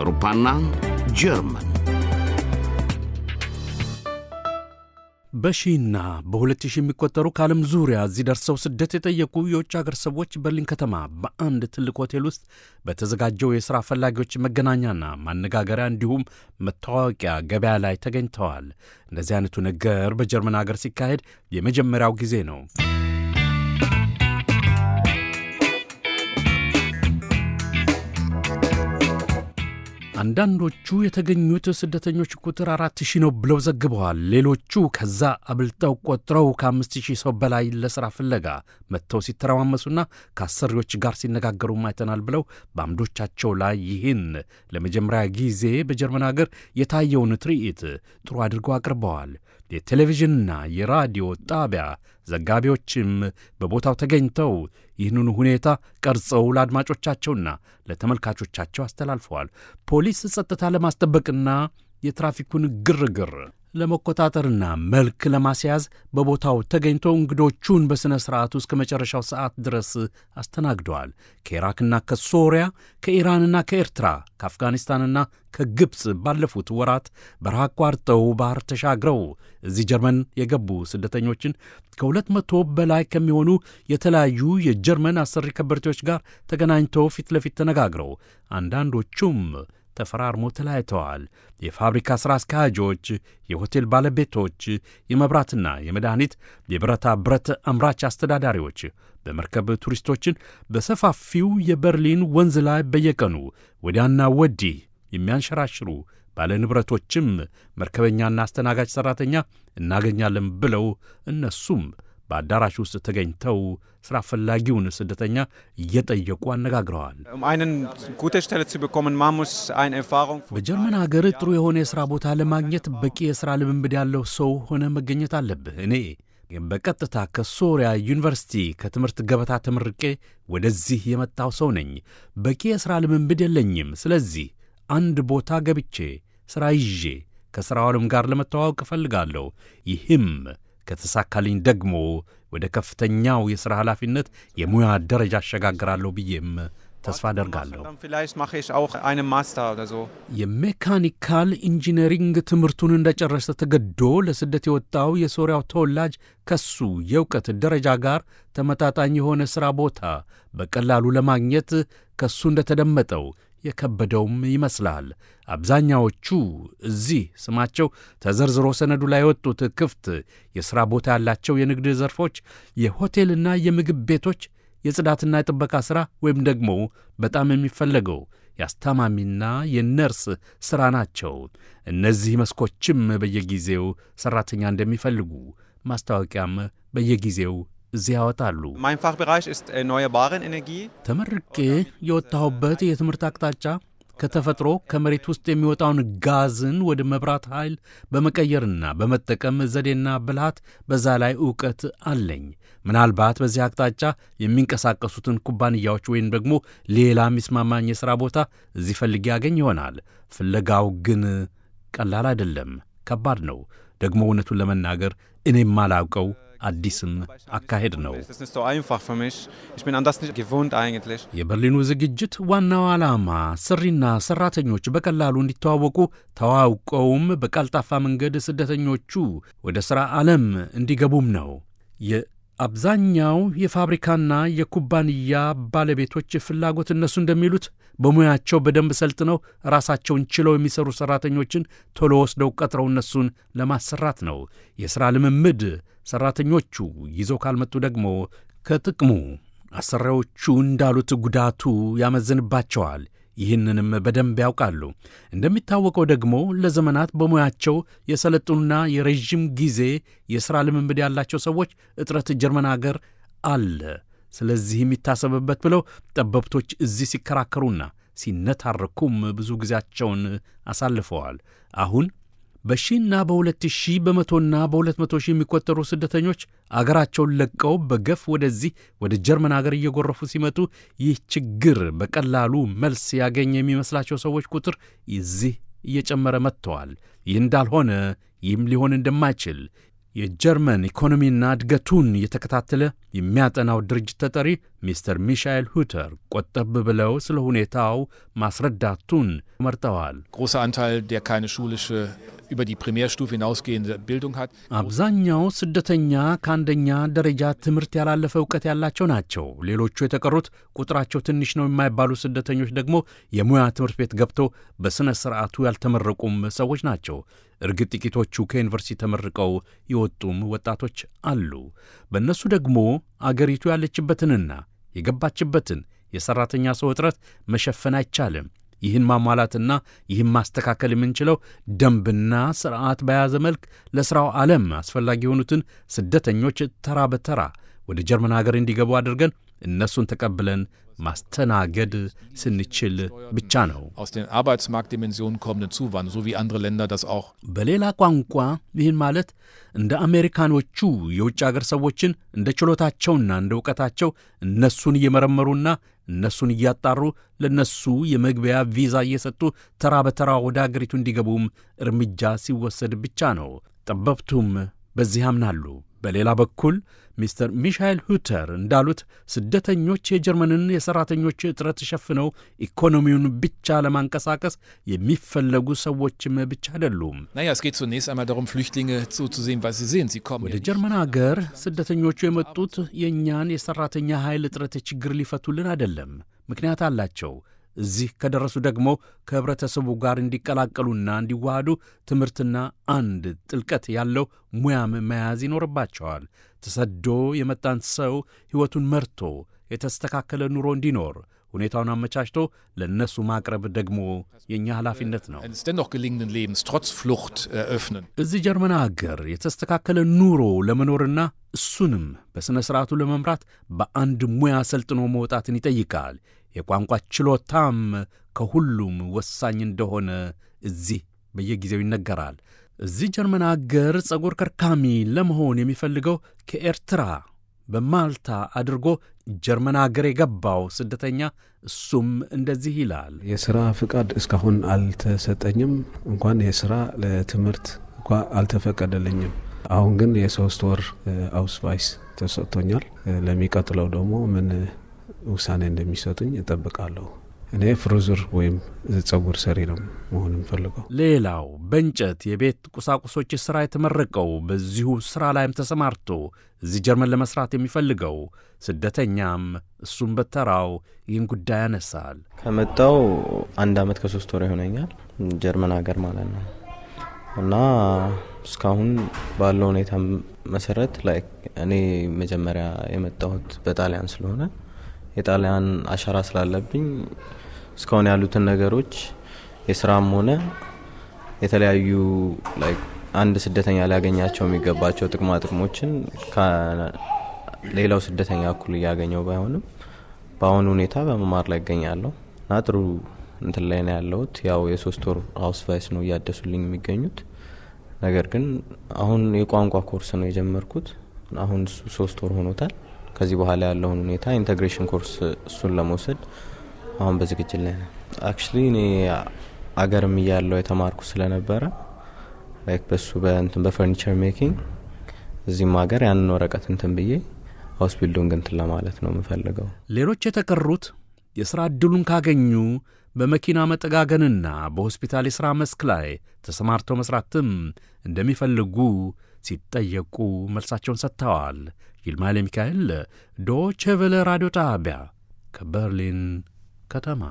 አውሮፓና ጀርመን በሺና በሁለት ሺህ የሚቆጠሩ ከዓለም ዙሪያ እዚህ ደርሰው ስደት የጠየቁ የውጭ አገር ሰዎች በርሊን ከተማ በአንድ ትልቅ ሆቴል ውስጥ በተዘጋጀው የሥራ ፈላጊዎች መገናኛና ማነጋገሪያ እንዲሁም መታወቂያ ገበያ ላይ ተገኝተዋል። እንደዚህ አይነቱ ነገር በጀርመን አገር ሲካሄድ የመጀመሪያው ጊዜ ነው። አንዳንዶቹ የተገኙት ስደተኞች ቁጥር አራት ሺህ ነው ብለው ዘግበዋል። ሌሎቹ ከዛ አብልጠው ቆጥረው ከአምስት ሺህ ሰው በላይ ለሥራ ፍለጋ መጥተው ሲተረማመሱና ከአሰሪዎች ጋር ሲነጋገሩ አይተናል ብለው በአምዶቻቸው ላይ ይህን ለመጀመሪያ ጊዜ በጀርመን አገር የታየውን ትርኢት ጥሩ አድርገው አቅርበዋል። የቴሌቪዥንና የራዲዮ ጣቢያ ዘጋቢዎችም በቦታው ተገኝተው ይህንኑ ሁኔታ ቀርጸው ለአድማጮቻቸውና ለተመልካቾቻቸው አስተላልፈዋል። ፖሊስ ጸጥታ ለማስጠበቅና የትራፊኩን ግርግር ለመቆጣጠርና መልክ ለማስያዝ በቦታው ተገኝቶ እንግዶቹን በሥነ ሥርዓቱ እስከ መጨረሻው ሰዓት ድረስ አስተናግደዋል። ከኢራክና ከሶሪያ ከኢራንና ከኤርትራ ከአፍጋኒስታንና ከግብፅ ባለፉት ወራት በረሃ አቋርጠው ባህር ተሻግረው እዚህ ጀርመን የገቡ ስደተኞችን ከሁለት መቶ በላይ ከሚሆኑ የተለያዩ የጀርመን አሰሪ ከበርቴዎች ጋር ተገናኝተው ፊት ለፊት ተነጋግረው አንዳንዶቹም ተፈራርሞ ተለያይተዋል። የፋብሪካ ሥራ አስኪያጆች፣ የሆቴል ባለቤቶች፣ የመብራትና የመድኃኒት የብረታ ብረት አምራች አስተዳዳሪዎች በመርከብ ቱሪስቶችን በሰፋፊው የበርሊን ወንዝ ላይ በየቀኑ ወዲያና ወዲህ የሚያንሸራሽሩ ባለ ንብረቶችም መርከበኛና አስተናጋጅ ሠራተኛ እናገኛለን ብለው እነሱም በአዳራሽ ውስጥ ተገኝተው ሥራ ፈላጊውን ስደተኛ እየጠየቁ አነጋግረዋል። በጀርመን ሀገር ጥሩ የሆነ የሥራ ቦታ ለማግኘት በቂ የሥራ ልምምድ ያለው ሰው ሆነ መገኘት አለብህ። እኔ በቀጥታ ከሶሪያ ዩኒቨርሲቲ ከትምህርት ገበታ ተመርቄ ወደዚህ የመጣው ሰው ነኝ። በቂ የሥራ ልምምድ የለኝም። ስለዚህ አንድ ቦታ ገብቼ ሥራ ይዤ ከሥራው ዓለም ጋር ለመተዋወቅ እፈልጋለሁ። ይህም ከተሳካልኝ ደግሞ ወደ ከፍተኛው የሥራ ኃላፊነት የሙያ ደረጃ አሸጋግራለሁ ብዬም ተስፋ አደርጋለሁ። የሜካኒካል ኢንጂነሪንግ ትምህርቱን እንደጨረሰ ተገዶ ለስደት የወጣው የሶሪያው ተወላጅ ከሱ የእውቀት ደረጃ ጋር ተመጣጣኝ የሆነ ሥራ ቦታ በቀላሉ ለማግኘት ከሱ እንደተደመጠው የከበደውም ይመስላል። አብዛኛዎቹ እዚህ ስማቸው ተዘርዝሮ ሰነዱ ላይ የወጡት ክፍት የሥራ ቦታ ያላቸው የንግድ ዘርፎች፣ የሆቴልና የምግብ ቤቶች፣ የጽዳትና የጥበቃ ሥራ ወይም ደግሞ በጣም የሚፈለገው የአስታማሚና የነርስ ሥራ ናቸው። እነዚህ መስኮችም በየጊዜው ሠራተኛ እንደሚፈልጉ ማስታወቂያም በየጊዜው እዚህ ያወጣሉ። äh, ተመርቄ የወጣሁበት የትምህርት አቅጣጫ ከተፈጥሮ ከመሬት ውስጥ የሚወጣውን ጋዝን ወደ መብራት ኃይል በመቀየርና በመጠቀም ዘዴና ብልሃት፣ በዛ ላይ እውቀት አለኝ። ምናልባት በዚህ አቅጣጫ የሚንቀሳቀሱትን ኩባንያዎች ወይም ደግሞ ሌላ የሚስማማኝ የሥራ ቦታ እዚህ ፈልጌ ያገኝ ይሆናል። ፍለጋው ግን ቀላል አይደለም፣ ከባድ ነው። ደግሞ እውነቱን ለመናገር እኔም ማላውቀው። አዲስም አካሄድ ነው። የበርሊኑ ዝግጅት ዋናው ዓላማ ስሪና ሠራተኞች በቀላሉ እንዲተዋወቁ፣ ተዋውቀውም በቀልጣፋ መንገድ ስደተኞቹ ወደ ሥራ ዓለም እንዲገቡም ነው። አብዛኛው የፋብሪካና የኩባንያ ባለቤቶች ፍላጎት እነሱ እንደሚሉት በሙያቸው በደንብ ሰልጥነው ራሳቸውን ችለው የሚሰሩ ሠራተኞችን ቶሎ ወስደው ቀጥረው እነሱን ለማሰራት ነው። የሥራ ልምምድ ሠራተኞቹ ይዘው ካልመጡ ደግሞ ከጥቅሙ አሰሪዎቹ እንዳሉት ጉዳቱ ያመዝንባቸዋል። ይህንንም በደንብ ያውቃሉ። እንደሚታወቀው ደግሞ ለዘመናት በሙያቸው የሰለጡና የረዥም ጊዜ የሥራ ልምምድ ያላቸው ሰዎች እጥረት ጀርመን አገር አለ። ስለዚህ የሚታሰብበት ብለው ጠበብቶች እዚህ ሲከራከሩና ሲነታረኩም ብዙ ጊዜያቸውን አሳልፈዋል። አሁን በሺና በሁለት ሺህ በመቶና በሁለት መቶ ሺህ የሚቆጠሩ ስደተኞች አገራቸውን ለቀው በገፍ ወደዚህ ወደ ጀርመን አገር እየጎረፉ ሲመጡ ይህ ችግር በቀላሉ መልስ ያገኘ የሚመስላቸው ሰዎች ቁጥር ይዚህ እየጨመረ መጥተዋል። ይህ እንዳልሆነ ይህም ሊሆን እንደማይችል የጀርመን ኢኮኖሚና እድገቱን የተከታተለ የሚያጠናው ድርጅት ተጠሪ ሚስተር ሚሻኤል ሁተር ቆጠብ ብለው ስለ ሁኔታው ማስረዳቱን መርጠዋል። አብዛኛው ስደተኛ ከአንደኛ ደረጃ ትምህርት ያላለፈ እውቀት ያላቸው ናቸው። ሌሎቹ የተቀሩት ቁጥራቸው ትንሽ ነው የማይባሉ ስደተኞች ደግሞ የሙያ ትምህርት ቤት ገብተው በሥነ ሥርዓቱ ያልተመረቁም ሰዎች ናቸው። እርግጥ ጥቂቶቹ ከዩኒቨርሲቲ ተመርቀው የወጡም ወጣቶች አሉ። በእነሱ ደግሞ አገሪቱ ያለችበትንና የገባችበትን የሠራተኛ ሰው እጥረት መሸፈን አይቻልም። ይህን ማሟላትና ይህን ማስተካከል የምንችለው ደንብና ስርዓት በያዘ መልክ ለሥራው ዓለም አስፈላጊ የሆኑትን ስደተኞች ተራ በተራ ወደ ጀርመን ሀገር እንዲገቡ አድርገን እነሱን ተቀብለን ማስተናገድ ስንችል ብቻ ነው። በሌላ ቋንቋ ይህን ማለት እንደ አሜሪካኖቹ የውጭ አገር ሰዎችን እንደ ችሎታቸውና እንደ እውቀታቸው እነሱን እየመረመሩና እነሱን እያጣሩ ለነሱ የመግቢያ ቪዛ እየሰጡ ተራ በተራ ወደ አገሪቱ እንዲገቡም እርምጃ ሲወሰድ ብቻ ነው። ጠበብቱም በዚህ ያምናሉ። በሌላ በኩል ሚስተር ሚሻኤል ሁተር እንዳሉት ስደተኞች የጀርመንን የሠራተኞች እጥረት ሸፍነው ኢኮኖሚውን ብቻ ለማንቀሳቀስ የሚፈለጉ ሰዎችም ብቻ አይደሉም። ወደ ጀርመን አገር ስደተኞቹ የመጡት የእኛን የሠራተኛ ኃይል እጥረት ችግር ሊፈቱልን አይደለም። ምክንያት አላቸው። እዚህ ከደረሱ ደግሞ ከህብረተሰቡ ጋር እንዲቀላቀሉና እንዲዋሃዱ ትምህርትና አንድ ጥልቀት ያለው ሙያም መያዝ ይኖርባቸዋል። ተሰዶ የመጣን ሰው ሕይወቱን መርቶ የተስተካከለ ኑሮ እንዲኖር ሁኔታውን አመቻችቶ ለእነሱ ማቅረብ ደግሞ የእኛ ኃላፊነት ነው። äh, እዚህ ጀርመን አገር የተስተካከለ ኑሮ ለመኖርና እሱንም በሥነ ሥርዓቱ ለመምራት በአንድ ሙያ ሰልጥኖ መውጣትን ይጠይቃል። የቋንቋ ችሎታም ከሁሉም ወሳኝ እንደሆነ እዚህ በየጊዜው ይነገራል። እዚህ ጀርመን አገር ጸጉር ከርካሚ ለመሆን የሚፈልገው ከኤርትራ በማልታ አድርጎ ጀርመን አገር የገባው ስደተኛ እሱም እንደዚህ ይላል። የሥራ ፍቃድ እስካሁን አልተሰጠኝም። እንኳን የሥራ ለትምህርት እንኳ አልተፈቀደልኝም። አሁን ግን የሶስት ወር አውስቫይስ ተሰጥቶኛል። ለሚቀጥለው ደግሞ ምን ውሳኔ እንደሚሰጡኝ እጠብቃለሁ። እኔ ፍሩዝር ወይም ጸጉር ሰሪ ነው መሆን የምፈልገው። ሌላው በእንጨት የቤት ቁሳቁሶች ስራ የተመረቀው በዚሁ ስራ ላይም ተሰማርቶ እዚህ ጀርመን ለመስራት የሚፈልገው ስደተኛም እሱም በተራው ይህን ጉዳይ ያነሳል። ከመጣው አንድ አመት ከሶስት ወር ይሆነኛል ጀርመን ሀገር ማለት ነው እና እስካሁን ባለው ሁኔታ መሰረት ላይ እኔ መጀመሪያ የመጣሁት በጣሊያን ስለሆነ የጣሊያን አሻራ ስላለብኝ እስካሁን ያሉትን ነገሮች የስራም ሆነ የተለያዩ አንድ ስደተኛ ሊያገኛቸው የሚገባቸው ጥቅማ ጥቅሞችን ከሌላው ስደተኛ እኩል እያገኘው ባይሆንም በአሁኑ ሁኔታ በመማር ላይ ይገኛለሁ እና ጥሩ እንትን ላይ ነው ያለሁት። ያው የሶስት ወር ሀውስ ቫይስ ነው እያደሱልኝ የሚገኙት። ነገር ግን አሁን የቋንቋ ኮርስ ነው የጀመርኩት። አሁን ሶስት ወር ሆኖታል። ከዚህ በኋላ ያለውን ሁኔታ ኢንተግሬሽን ኮርስ እሱን ለመውሰድ አሁን በዝግጅት ላይ ነው። አክቹሊ እኔ አገርም እያለው የተማርኩ ስለነበረ ላይክ በሱ በእንትን በፈርኒቸር ሜኪንግ እዚህም ሀገር ያንን ወረቀት እንትን ብዬ ሀውስ ቢልዲንግ እንትን ለማለት ነው የምፈልገው። ሌሎች የተቀሩት የሥራ ዕድሉን ካገኙ በመኪና መጠጋገንና በሆስፒታል የሥራ መስክ ላይ ተሰማርተው መሥራትም እንደሚፈልጉ ሲጠየቁ መልሳቸውን ሰጥተዋል። ይልማይል ሚካኤል ዶቼ ቬለ ራዲዮ ጣቢያ ከበርሊን ከተማ